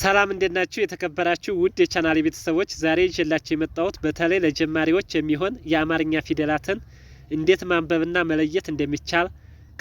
ሰላም እንዴት ናችሁ? የተከበራችሁ ውድ የቻናል ቤተሰቦች ዛሬ ይዤላችሁ የመጣሁት በተለይ ለጀማሪዎች የሚሆን የአማርኛ ፊደላትን እንዴት ማንበብና መለየት እንደሚቻል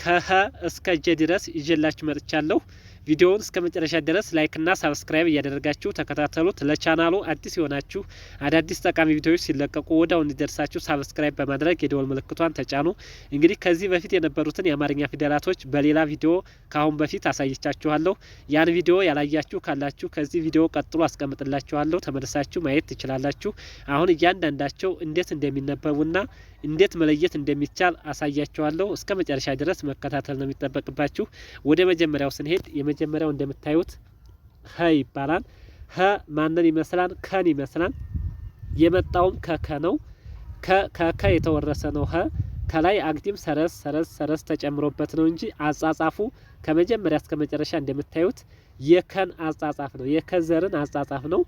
ከሀ እስከ ጀ ድረስ ይዤላችሁ መጥቻለሁ። ቪዲዮውን እስከ መጨረሻ ድረስ ላይክና ሳብስክራይብ እያደረጋችሁ ተከታተሉት። ለቻናሉ አዲስ የሆናችሁ አዳዲስ ጠቃሚ ቪዲዮዎች ሲለቀቁ ወዲያው እንዲደርሳችሁ ሳብስክራይብ በማድረግ የደወል ምልክቷን ተጫኑ። እንግዲህ ከዚህ በፊት የነበሩትን የአማርኛ ፊደላቶች በሌላ ቪዲዮ ከአሁን በፊት አሳይቻችኋለሁ። ያን ቪዲዮ ያላያችሁ ካላችሁ ከዚህ ቪዲዮ ቀጥሎ አስቀምጥላችኋለሁ፣ ተመልሳችሁ ማየት ትችላላችሁ። አሁን እያንዳንዳቸው እንዴት እንደሚነበቡና እንዴት መለየት እንደሚቻል አሳያችኋለሁ። እስከ መጨረሻ ድረስ መከታተል ነው የሚጠበቅባችሁ። ወደ መጀመሪያው ስንሄድ የመጀመሪያው እንደምታዩት ሀ ይባላል። ሀ ማንን ይመስላል? ከን ይመስላል። የመጣውም ከከ ነው። ከከ የተወረሰ ነው። ሀ ከላይ አግድም ሰረዝ ሰረዝ ሰረዝ ተጨምሮበት ነው እንጂ አጻጻፉ ከመጀመሪያ እስከ መጨረሻ እንደምታዩት የከን አጻጻፍ ነው። የከዘርን አጻጻፍ ነው።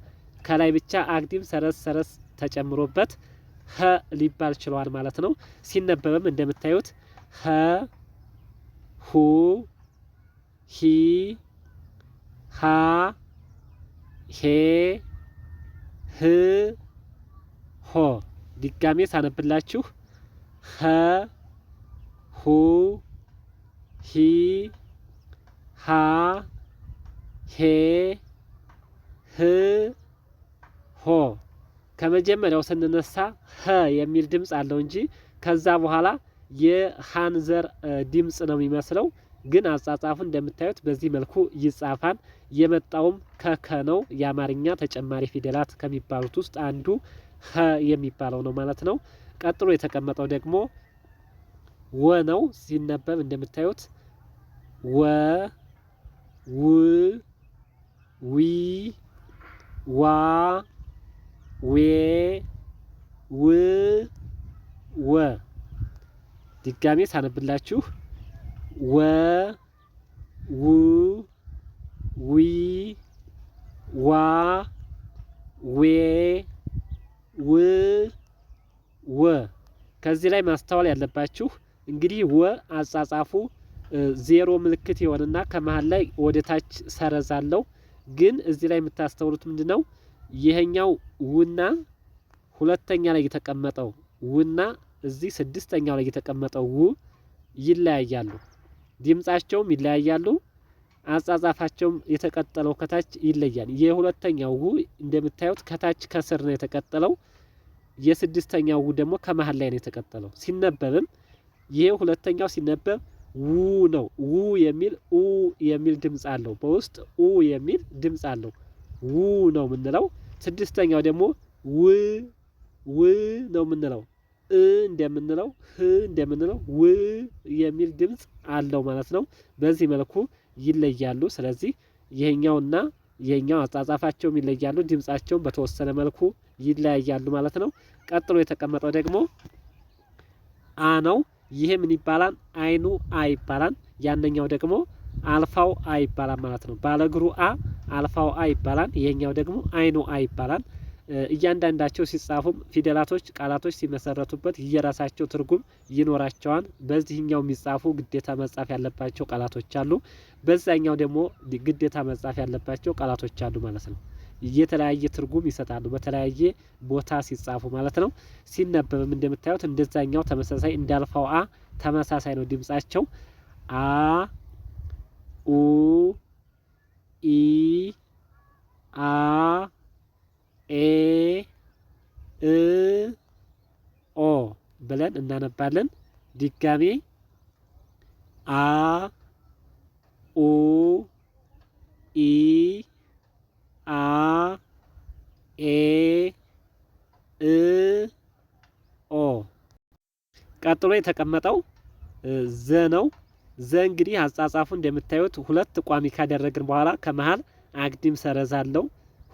ከላይ ብቻ አግድም ሰረዝ ሰረዝ ተጨምሮበት ሀ ሊባል ችሏል ማለት ነው። ሲነበብም እንደምታዩት ሀ ሁ ሂ ሃ ሄ ህ ሆ። ድጋሜ ሳነብላችሁ ሀ ሁ ሂ ሃ ሄ ህ ሆ ከመጀመሪያው ስንነሳ ሀ የሚል ድምፅ አለው እንጂ ከዛ በኋላ የሃንዘር ድምፅ ነው የሚመስለው። ግን አጻጻፉ እንደምታዩት በዚህ መልኩ ይጻፋል። የመጣውም ከከ ነው። የአማርኛ ተጨማሪ ፊደላት ከሚባሉት ውስጥ አንዱ ሀ የሚባለው ነው ማለት ነው። ቀጥሎ የተቀመጠው ደግሞ ወ ነው። ሲነበብ እንደምታዩት ወ ው ዊ ዋ ዌ ው ወ ድጋሜ ሳነብላችሁ ወ ው ዊ ዋ ዌ ው ወ ከዚህ ላይ ማስተዋል ያለባችሁ እንግዲህ ወ አጻጻፉ ዜሮ ምልክት የሆነና ከመሀል ላይ ወደ ታች ሰረዝ አለው። ግን እዚህ ላይ የምታስተውሉት ምንድን ነው? ይሄኛው ውና ሁለተኛ ላይ የተቀመጠው ውና እዚህ ስድስተኛው ላይ የተቀመጠው ው ይለያያሉ። ድምጻቸውም ይለያያሉ። አጻጻፋቸውም የተቀጠለው ከታች ይለያል። የሁለተኛው ው እንደምታዩት ከታች ከስር ነው የተቀጠለው። የስድስተኛው ው ደግሞ ከመሀል ላይ ነው የተቀጠለው። ሲነበብም ይሄ ሁለተኛው ሲነበብ ው ነው። ው የሚል ኡ የሚል ድምጽ አለው። በውስጥ ኡ የሚል ድምጽ አለው። ው ነው የምንለው። ስድስተኛው ደግሞ ው ው ነው የምንለው እ እንደምንለው ህ እንደምንለው ው የሚል ድምፅ አለው ማለት ነው። በዚህ መልኩ ይለያሉ። ስለዚህ ይሄኛውና ይህኛው አጻጻፋቸውም ይለያሉ፣ ድምፃቸውም በተወሰነ መልኩ ይለያያሉ ማለት ነው። ቀጥሎ የተቀመጠው ደግሞ አ ነው። ይሄ ምን ይባላል? አይኑ አ ይባላል። ያንኛው ደግሞ አልፋው አ ይባላል ማለት ነው። ባለ እግሩ አ አልፋው አ ይባላል። የኛው ደግሞ አይኑ አ ይባላል። እያንዳንዳቸው ሲጻፉም ፊደላቶች፣ ቃላቶች ሲመሰረቱበት የራሳቸው ትርጉም ይኖራቸዋል። በዚህኛው የሚጻፉ ግዴታ መጻፍ ያለባቸው ቃላቶች አሉ። በዛኛው ደግሞ ግዴታ መጻፍ ያለባቸው ቃላቶች አሉ ማለት ነው። የተለያየ ትርጉም ይሰጣሉ በተለያየ ቦታ ሲጻፉ ማለት ነው። ሲነበብም እንደምታዩት እንደዛኛው ተመሳሳይ እንዳልፋው አ ተመሳሳይ ነው ድምጻቸው አ ኡ ኢ አ ኤ እ ኦ ብለን እናነባለን። ድጋሜ አ ኡ ኢ አ ኤ እ ኦ። ቀጥሎ የተቀመጠው ዘ ነው። ዘ እንግዲህ አጻጻፉ እንደምታዩት ሁለት ቋሚ ካደረግን በኋላ ከመሀል አግድም ሰረዛለው አለው።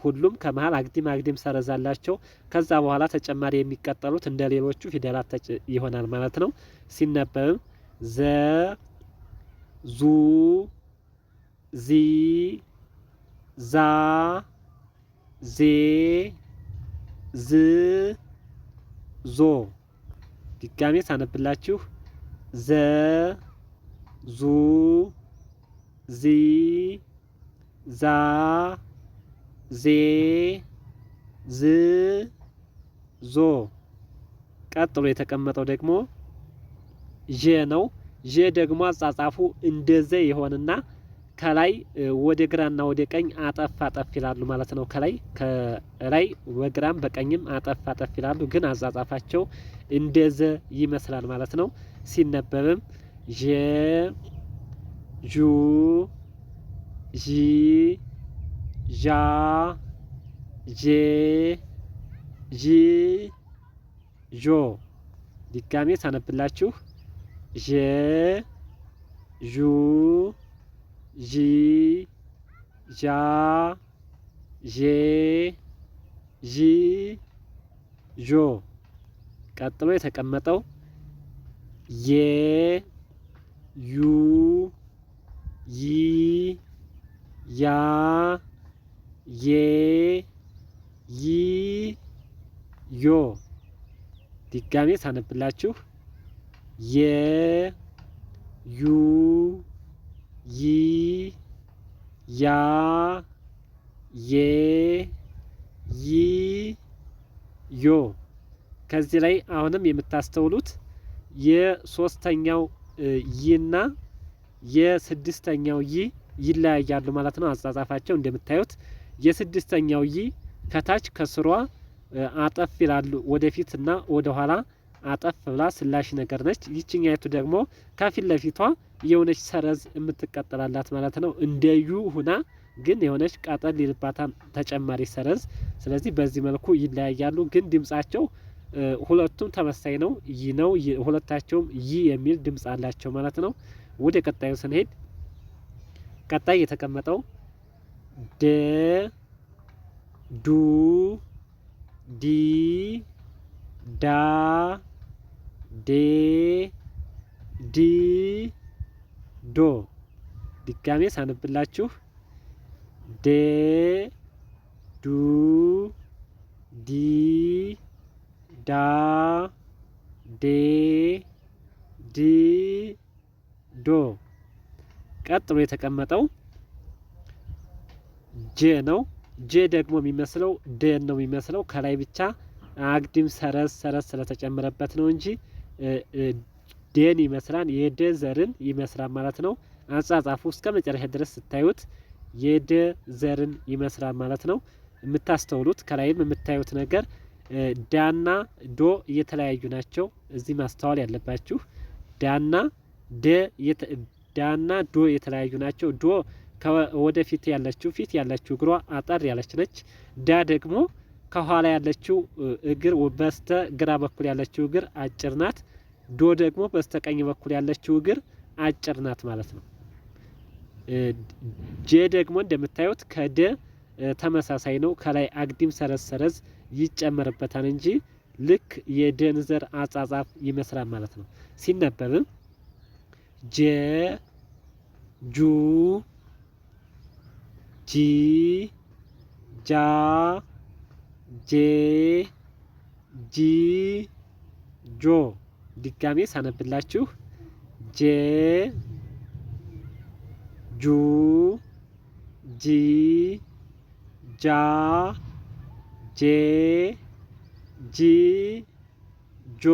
ሁሉም ከመሀል አግድም አግድም ሰረዛላቸው። አላቸው። ከዛ በኋላ ተጨማሪ የሚቀጠሉት እንደ ሌሎቹ ፊደላት ይሆናል ማለት ነው። ሲነበብም ዘ ዙ ዚ ዛ ዜ ዝ ዞ። ድጋሜ ሳነብላችሁ ዘ ዙ ዚ ዛ ዜ ዝ ዞ። ቀጥሎ የተቀመጠው ደግሞ ዤ ነው። ዤ ደግሞ አጻጻፉ እንደዘ ይሆንና ከላይ ወደ ግራና ወደ ቀኝ አጠፍ አጠፍ ይላሉ ማለት ነው። ከላይ ከላይ በግራም በቀኝም አጠፍ አጠፍ ይላሉ፣ ግን አጻጻፋቸው እንደዘ ይመስላል ማለት ነው ሲነበብም ዤ ዡ ዢ ዣ ዤ ዢ ዦ ድጋሜ ሳነብላችሁ ዤ ዡ ዢ ዣ ዤ ዢ ዦ ቀጥሎ የተቀመጠው የ ዩ ይ ያ ዬ ይ ዮ ድጋሜ ሳነብላችሁ የ ዩ ይ ያ ዬ ይ ዮ ከዚህ ላይ አሁንም የምታስተውሉት የሶስተኛው ይና የስድስተኛው ይ ይለያያሉ ማለት ነው። አጻጻፋቸው እንደምታዩት የስድስተኛው ይ ከታች ከስሯ አጠፍ ይላሉ ወደፊትና ወደኋላ አጠፍ ብላ ስላሽ ነገር ነች። ይችኛይቱ ደግሞ ከፊት ለፊቷ የሆነች ሰረዝ የምትቀጠላላት ማለት ነው። እንደ ዩ ሁና ግን የሆነች ቀጠል ይልባታል ተጨማሪ ሰረዝ። ስለዚህ በዚህ መልኩ ይለያያሉ፣ ግን ድምጻቸው ሁለቱም ተመሳይ ነው ይ ነው። ሁለታቸውም ይ የሚል ድምጽ አላቸው ማለት ነው። ወደ ቀጣዩ ስንሄድ ቀጣይ የተቀመጠው ደ ዱ ዲ ዳ ዴ ዲ ዶ ድጋሜ ሳንብላችሁ ደ ዱ ዲ ዳ ዴ ዲ ዶ። ቀጥሎ የተቀመጠው ጄ ነው። ጄ ደግሞ የሚመስለው ደን ነው የሚመስለው ከላይ ብቻ አግድም ሰረዝ ሰረዝ ስለተጨመረበት ነው እንጂ ደን ይመስላል። የደ ዘርን ይመስላል ማለት ነው። አጻጻፉ እስከ መጨረሻ ድረስ ስታዩት የደ ዘርን ይመስላል ማለት ነው። የምታስተውሉት ከላይም የምታዩት ነገር ዳና ዶ እየተለያዩ ናቸው። እዚህ ማስተዋል ያለባችሁ ዳና ደ ዳና ዶ የተለያዩ ናቸው። ዶ ወደፊት ያለችው ፊት ያለችው እግሯ አጠር ያለች ነች። ዳ ደግሞ ከኋላ ያለችው እግር በስተ ግራ በኩል ያለችው እግር አጭር ናት። ዶ ደግሞ በስተ ቀኝ በኩል ያለችው እግር አጭር ናት ማለት ነው። ጄ ደግሞ እንደምታዩት ከደ ተመሳሳይ ነው። ከላይ አግድም ሰረዝ ሰረዝ ይጨመርበታል እንጂ ልክ የደንዘር አጻጻፍ ይመስላል ማለት ነው። ሲነበብም ጀ ጁ ጂ ጃ ጄ ጂ ጆ። ድጋሜ ሳነብላችሁ ጄ ጁ ጂ ጃ ጄ ጂ ጆ።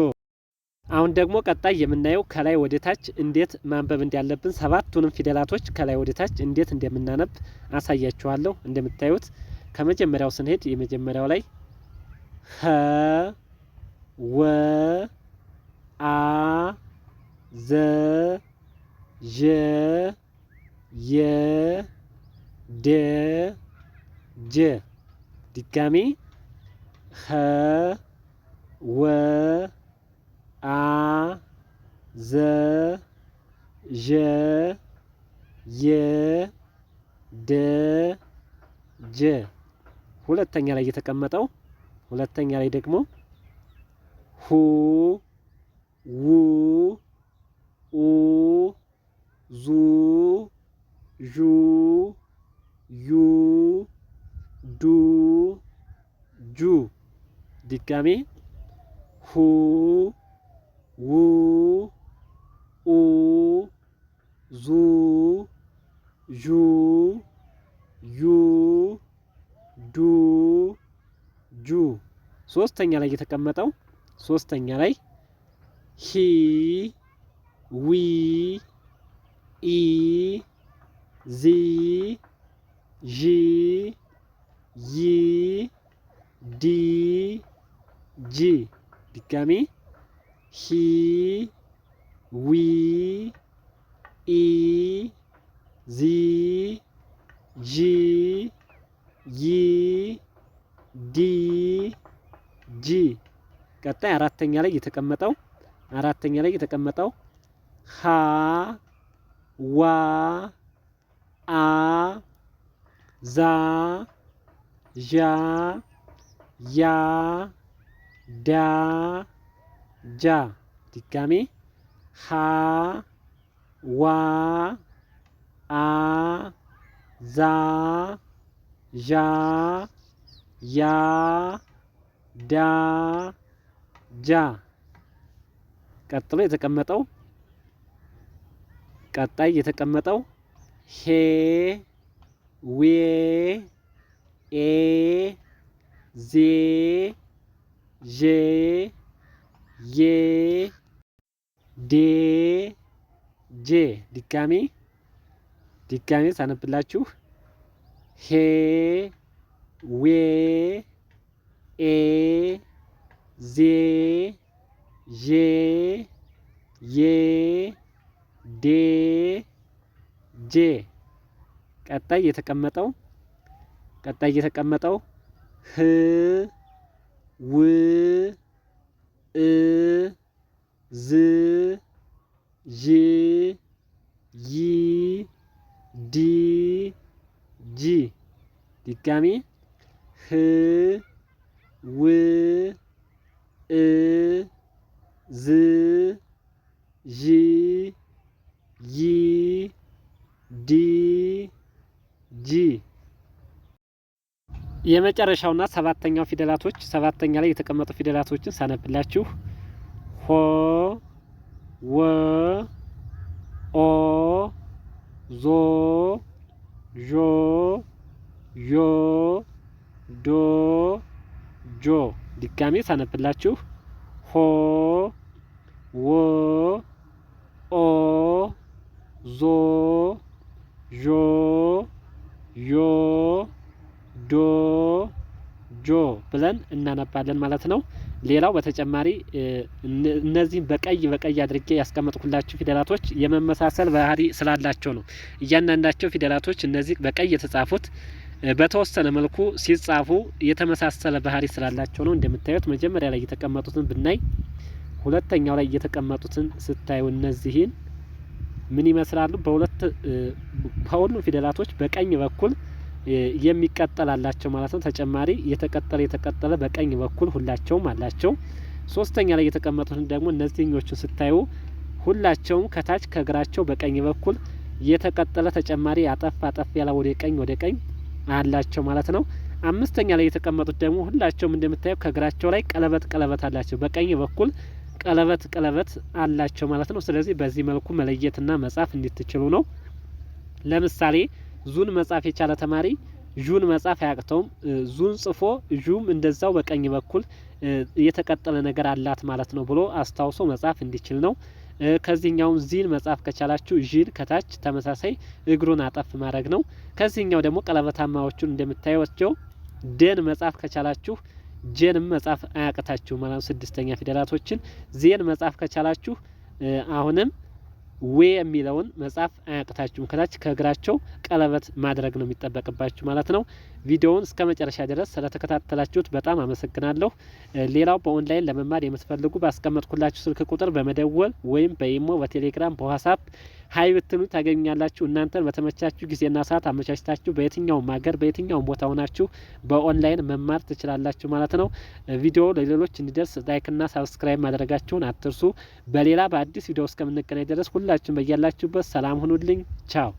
አሁን ደግሞ ቀጣይ የምናየው ከላይ ወደታች እንዴት ማንበብ እንዳለብን ሰባቱንም ፊደላቶች ከላይ ወደታች እንዴት እንደምናነብ አሳያችኋለሁ። እንደምታዩት ከመጀመሪያው ስንሄድ የመጀመሪያው ላይ ሀ ወ አ ዘ ዠ የ ደ ጀ ድጋሜ ኸ ወ አ ዘ ዠ የ ደ ጀ ሁለተኛ ላይ የተቀመጠው ሁለተኛ ላይ ደግሞ ሁ ው ኡ ዙ ዡ ዩ ድጋሜ ሁ ው ኡ ዙ ዡ ዩ ዱ ጁ ሶስተኛ ላይ የተቀመጠው ሶስተኛ ላይ ሂ ዊ ኢ ዚ ዢ ይ ዲ G, di kami He We I Z J Y D g, Kata arah tengah lagi Tekan matau Arah tengah lagi Tekan matau h, Wa A Za Ja Ya ዳ ጃ ድጋሜ ሀ ዋ አ ዛ ዣ ያ ዳ ጃ ቀጥሎ የተቀመጠው ቀጣይ የተቀመጠው ሄ ዌ ኤ ዜ ዤ ዬ ዴ ጄ ድጋሜ ድጋሜ ሳነብላችሁ ሄ ዌ ኤ ዜ ዤ ዬ ዴ ጄ ቀጣይ የተቀመጠው ቀጣይ የተቀመጠው ህ ው እ ዝ ዥ ይ ዲ ጂ ድጋሚ ህ ው እ ዝ ዥ ይ ዲ ጂ የመጨረሻውና ሰባተኛው ፊደላቶች ሰባተኛ ላይ የተቀመጡ ፊደላቶችን ሳነብላችሁ ሆ ወ ኦ ዞ ዦ ዮ ዶ ጆ። ድጋሜ ሳነብላችሁ ሆ ወ ኦ ዞ ዦ ብለን እናነባለን ማለት ነው። ሌላው በተጨማሪ እነዚህም በቀይ በቀይ አድርጌ ያስቀመጥኩላችሁ ፊደላቶች የመመሳሰል ባህሪ ስላላቸው ነው። እያንዳንዳቸው ፊደላቶች እነዚህ በቀይ የተጻፉት በተወሰነ መልኩ ሲጻፉ የተመሳሰለ ባህሪ ስላላቸው ነው። እንደምታዩት መጀመሪያ ላይ የተቀመጡትን ብናይ ሁለተኛው ላይ የተቀመጡትን ስታዩ እነዚህን ምን ይመስላሉ? በሁለት ከሁሉም ፊደላቶች በቀኝ በኩል የሚቀጠል አላቸው ማለት ነው። ተጨማሪ የተቀጠለ የተቀጠለ በቀኝ በኩል ሁላቸውም አላቸው። ሶስተኛ ላይ የተቀመጡትን ደግሞ እነዚህኞቹን ስታዩ ሁላቸውም ከታች ከእግራቸው በቀኝ በኩል የተቀጠለ ተጨማሪ አጠፍ አጠፍ ያለ ወደ ቀኝ ወደ ቀኝ አላቸው ማለት ነው። አምስተኛ ላይ የተቀመጡት ደግሞ ሁላቸውም እንደምታየው ከእግራቸው ላይ ቀለበት ቀለበት አላቸው። በቀኝ በኩል ቀለበት ቀለበት አላቸው ማለት ነው። ስለዚህ በዚህ መልኩ መለየትና መጻፍ እንድትችሉ ነው። ለምሳሌ ዙን መጻፍ የቻለ ተማሪ ዡን መጻፍ አያቅተውም። ዙን ጽፎ ዡም እንደዛው በቀኝ በኩል የተቀጠለ ነገር አላት ማለት ነው ብሎ አስታውሶ መጻፍ እንዲችል ነው። ከዚህኛውም ዚን መጻፍ ከቻላችሁ ዢን ከታች ተመሳሳይ እግሩን አጠፍ ማድረግ ነው። ከዚህኛው ደግሞ ቀለበታማዎቹን እንደምታዩቸው ደን መጻፍ ከቻላችሁ ጄንም መጻፍ አያቅታችሁ ማለት ስድስተኛ ፊደላቶችን ዜን መጻፍ ከቻላችሁ አሁንም ዌ የሚለውን መጻፍ አያቅታችሁም። ከታች ከእግራቸው ቀለበት ማድረግ ነው የሚጠበቅባችሁ ማለት ነው። ቪዲዮውን እስከ መጨረሻ ድረስ ስለተከታተላችሁት በጣም አመሰግናለሁ። ሌላው በኦንላይን ለመማር የምትፈልጉ ባስቀመጥኩላችሁ ስልክ ቁጥር በመደወል ወይም በኢሞ፣ በቴሌግራም፣ በዋትሳፕ ሀይ ብትሉ ታገኛላችሁ። እናንተን በተመቻችሁ ጊዜና ሰዓት አመቻችታችሁ በየትኛውም ሀገር በየትኛውም ቦታ ሆናችሁ በኦንላይን መማር ትችላላችሁ ማለት ነው። ቪዲዮ ለሌሎች እንዲደርስ ላይክና ሳብስክራይብ ማድረጋችሁን አትርሱ። በሌላ በአዲስ ቪዲዮ እስከምንገናኝ ድረስ ሁላችሁም በያላችሁበት ሰላም ሁኑልኝ። ቻው